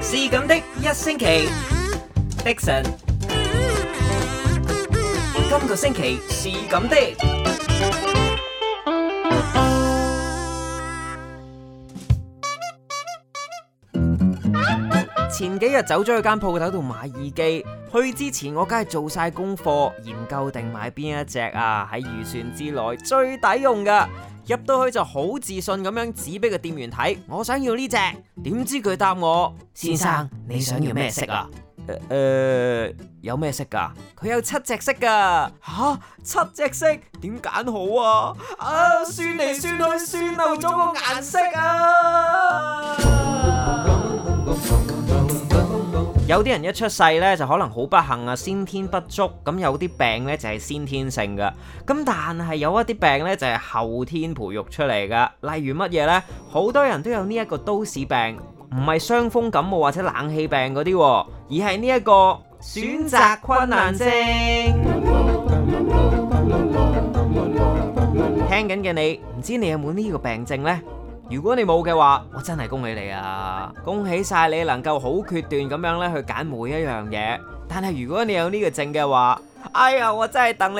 是咁的，一星期，Dixon，今個星期是咁的。幾日走咗去間鋪頭度買耳機，去之前我梗係做晒功課，研究定買邊一隻啊，喺預算之內最抵用噶。入到去就好自信咁樣指俾個店員睇，我想要呢隻。點知佢答我，先生，你想要咩色啊？呃呃，誒有咩色噶？佢有七隻色噶。吓，七隻色點揀好啊？啊，算嚟算去，算漏咗個顏色啊！啊有啲人一出世咧就可能好不幸啊，先天不足。咁有啲病咧就係先天性嘅。咁但係有一啲病咧就係後天培育出嚟噶。例如乜嘢呢？好多人都有呢一個都市病，唔係傷風感冒或者冷氣病嗰啲，而係呢一個選擇困難症。聽緊嘅你，唔知你有冇呢個病症呢？如果你冇嘅話，我真係恭喜你啊！恭喜晒你能夠好決斷咁樣咧去揀每一樣嘢。但係如果你有呢個症嘅話，哎呀，我真係戥你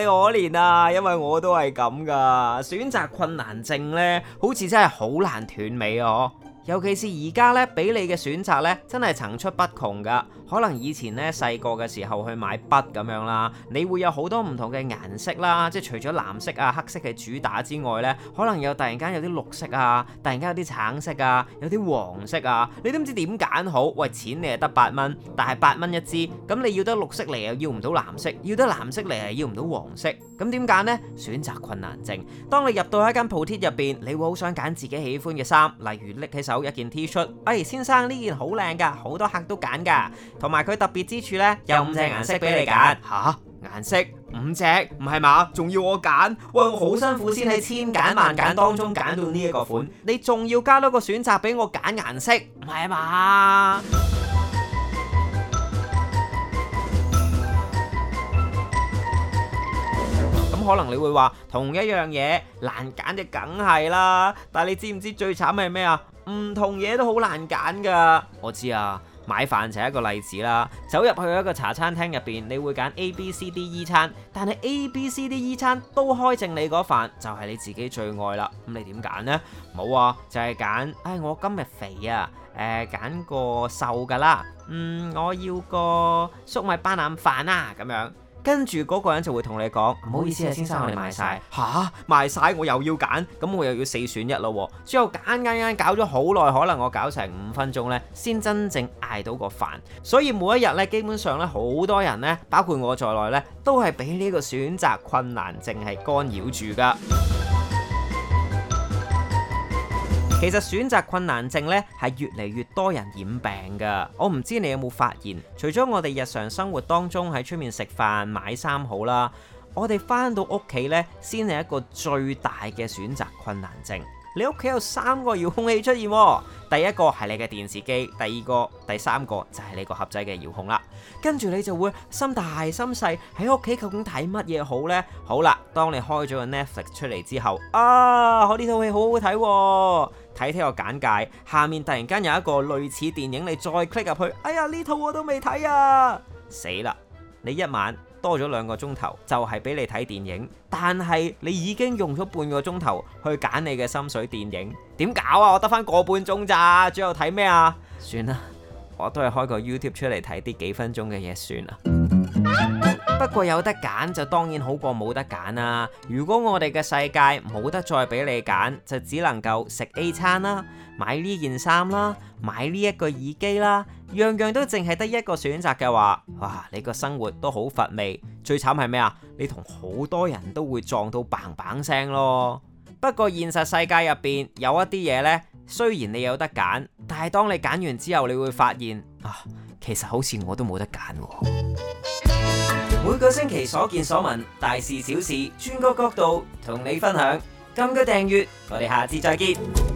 可憐啊！因為我都係咁噶，選擇困難症咧，好似真係好難斷尾哦、啊。尤其是而家咧，俾你嘅選擇咧，真係層出不窮噶。可能以前咧細個嘅時候去買筆咁樣啦，你會有好多唔同嘅顏色啦，即係除咗藍色啊、黑色係主打之外咧，可能又突然間有啲綠色啊，突然間有啲橙色啊，有啲黃色啊，你都唔知點揀好。喂，錢你係得八蚊，但係八蚊一支，咁你要得綠色嚟又要唔到藍色，要得藍色嚟又要唔到黃色，咁點揀呢？選擇困難症。當你入到喺間鋪頭入邊，你會好想揀自己喜歡嘅衫，例如拎起有一件 T 恤，哎，先生呢件好靚噶，好多客都揀噶，同埋佢特別之處呢，有五隻顏色俾你揀。吓，顏色五隻，唔係嘛？仲要我揀，喂，我好辛苦先喺千揀萬揀當中揀到呢一個款，你仲要加多個選擇俾我揀顏色，唔係啊嘛？咁可能你會話同一樣嘢難揀嘅梗係啦，但係你知唔知最慘係咩啊？唔同嘢都好難揀噶，我知啊，買飯就係一個例子啦。走入去一個茶餐廳入邊，你會揀 A、B、C、D、E 餐，但係 A、B、C、D、E 餐都開正你嗰飯，就係你自己最愛啦。咁你點揀呢？冇啊，就係揀，唉，我今日肥啊，誒，揀個瘦噶啦，嗯，我要個粟米斑腩飯啊，咁樣。跟住嗰個人就會同你講：唔好意思啊，先生，我哋賣曬嚇、啊，賣曬我又要揀，咁我又要四選一咯。之後揀揀揀，搞咗好耐，可能我搞成五分鐘呢，先真正嗌到個飯。所以每一日呢，基本上呢，好多人呢，包括我在內呢，都係俾呢個選擇困難症係干擾住㗎。其實選擇困難症咧，係越嚟越多人染病噶。我唔知你有冇發現，除咗我哋日常生活當中喺出面食飯買衫好啦，我哋翻到屋企咧，先係一個最大嘅選擇困難症。你屋企有三個遙控器出現啊，第一個係你嘅電視機，第二個、第三個就係你個盒仔嘅遙控啦。跟住你就會心大心細喺屋企究竟睇乜嘢好呢？好啦，當你開咗個 Netflix 出嚟之後，啊，我呢套戲好好睇啊。睇睇個簡介，下面突然間有一個類似電影，你再 click 入去，哎呀，呢套我都未睇啊，死啦！你一晚多咗兩個鐘頭，就係俾你睇電影，但係你已經用咗半個鐘頭去揀你嘅心水電影，點搞啊？我得翻個半鐘咋？最後睇咩啊？算啦，我都係開個 YouTube 出嚟睇啲幾分鐘嘅嘢算啦。不過有得揀就當然好過冇得揀啦。如果我哋嘅世界冇得再俾你揀，就只能夠食 A 餐啦，買呢件衫啦，買呢一個耳機啦，樣樣都淨係得一個選擇嘅話，哇！你個生活都好乏味。最慘係咩啊？你同好多人都會撞到棒棒聲咯。不過現實世界入邊有一啲嘢呢，雖然你有得揀，但係當你揀完之後，你會發現啊，其實好似我都冇得揀啊。每個星期所見所聞，大事小事，轉個角度同你分享。撳個訂閱，我哋下次再見。